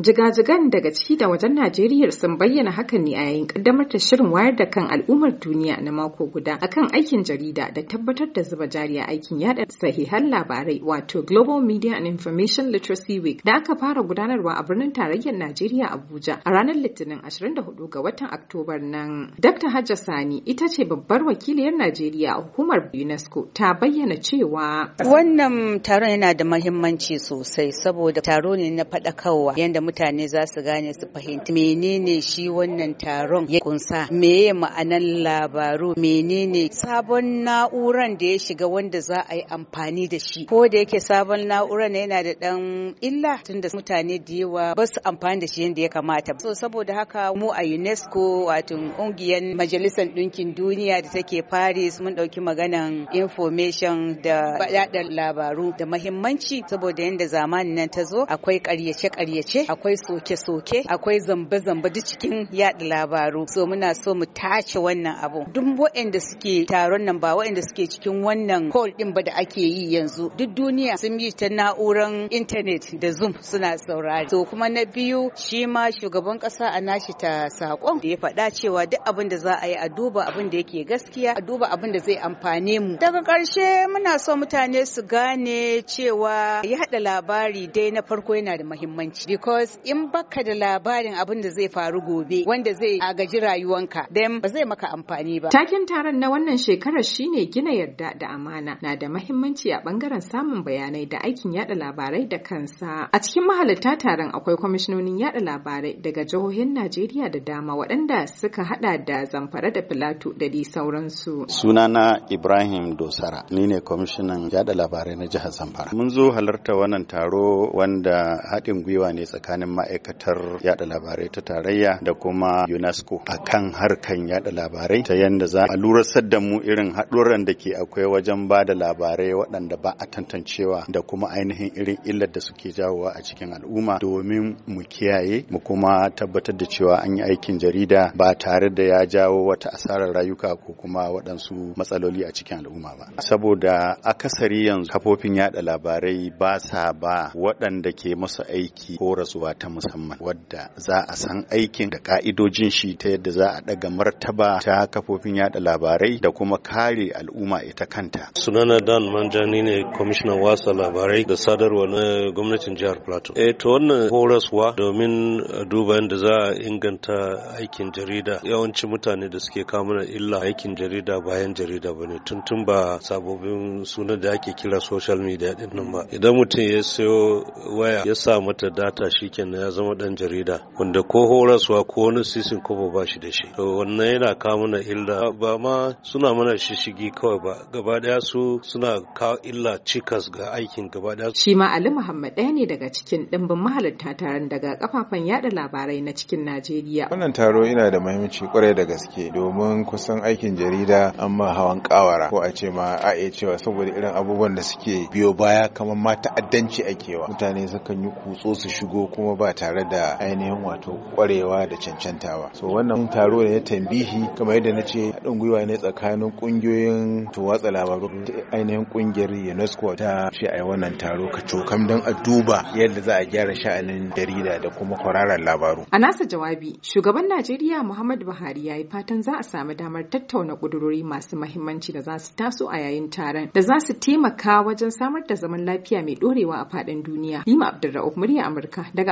Jiga-jigan daga ciki da wajen Najeriya sun bayyana hakan ne a yayin kaddamar da shirin wayar da kan al'ummar duniya na mako guda akan aikin jarida da tabbatar da zuba jari a aikin yada sahihan labarai wato Global Media and Information Literacy Week da aka fara gudanarwa a birnin tarayyar Najeriya Abuja a ranar Litinin 24 ga watan Oktobar nan. Dr. Hajja Sani ita ce babbar wakiliyar Najeriya a hukumar UNESCO ta bayyana cewa wannan taron yana da muhimmanci sosai saboda taro ne na faɗakarwa yadda mutane za su gane su fahimci menene shi wannan taron ya kunsa meye ma'anan labaru menene sabon na'uran da ya shiga wanda za a yi amfani da shi ko da yake sabon na'uran yana da dan illa tunda mutane da yawa ba su amfani da shi yadda ya kamata so saboda haka mu a UNESCO wato ungiyar majalisar ɗinkin duniya da take Paris mun ɗauki maganan information da yada labaru da mahimmanci saboda yadda zamanin nan ta zo akwai karyace karyace. akwai soke-soke akwai zamba-zamba duk cikin yaɗa labaru so muna so mu tace wannan abu duk waɗanda suke taron nan ba waɗanda suke cikin wannan hall din ba da ake yi yanzu duk duniya sun yi ta na'uran intanet da zoom suna saurari to kuma na biyu shi ma shugaban kasa a nashi ta sakon da ya faɗa cewa duk abin da za a yi a duba abin da yake gaskiya a duba abin da zai amfane mu daga ƙarshe muna so mutane su gane cewa ya labari dai na farko yana da muhimmanci because because in baka da labarin abin da zai faru gobe wanda zai agaji rayuwanka dan ba zai maka amfani ba takin taron na wannan shekarar shine gina yarda da amana na da mahimmanci a bangaren samun bayanai da aikin yada labarai da kansa a cikin mahalarta taron akwai kwamishinonin yada labarai daga jihohin Najeriya da dama waɗanda suka hada da zamfara da filato da dai sauransu sunana Ibrahim Dosara ni ne kwamishinan yada labarai na jihar Zamfara mun zo halarta wannan taro wanda haɗin gwiwa ne tsakanin tsakanin ma'aikatar yada labarai ta tarayya da kuma UNESCO a kan harkan yada labarai ta yanda za a lura da mu irin haɗuran da ke akwai wajen ba da labarai waɗanda ba a tantancewa da kuma ainihin irin illar da suke jawowa a cikin al'umma domin mu kiyaye mu kuma tabbatar da cewa an yi aikin jarida ba tare da ya jawo wata asarar rayuka ko kuma waɗansu matsaloli a cikin al'umma ba saboda akasari yanzu kafofin yada labarai ba sa ba waɗanda ke masa aiki ko rasu rayuwa ta musamman wadda za a san aikin da ka'idojin shi ta yadda za a daga martaba ta kafofin yada labarai da kuma kare al'umma ita kanta. Sunana Dan Manjani ne kwamishinan wasa labarai da sadarwa na gwamnatin jihar Plateau. E to wannan horaswa domin duba yadda za a inganta aikin jarida yawanci mutane da suke kamuna illa aikin jarida bayan jarida ba ne tuntun ba sabobin sunan da ake kira social media din nan ba. Idan mutum ya sayo waya ya sa mata data shi kenan ya zama dan jarida wanda ko horaswa ko wani sisin kobo ba shi da shi to wannan yana kawo mana illa ba ma suna mana shishigi kawai ba gaba daya su suna kawo illa cikas ga aikin gaba daya shi ma Ali Muhammad ɗaya ne daga cikin dimbin mahalarta taron daga kafafen yada labarai na cikin Najeriya wannan taro yana da muhimmanci kwarai da gaske domin kusan aikin jarida an ma hawan kawara ko a ce ma a iya cewa saboda irin abubuwan da suke biyo baya kamar ma ta'addanci akewa mutane sukan yi kutso su shigo ko kuma ba tare da ainihin wato kwarewa da cancantawa so wannan taro ne na tambihi kamar yadda na ce haɗin gwiwa ne tsakanin ƙungiyoyin watsa labaru ainihin ƙungiyar unesco ta ce a wannan taro ka cokam don a duba yadda za a gyara sha'anin jarida da kuma kwararan labaru a nasa jawabi shugaban najeriya muhammadu buhari ya yi fatan za a samu damar tattauna ƙudurori masu mahimmanci da za su taso a yayin taron da za su taimaka wajen samar da zaman lafiya mai ɗorewa a faɗin duniya lima abdulra'uf murya amurka daga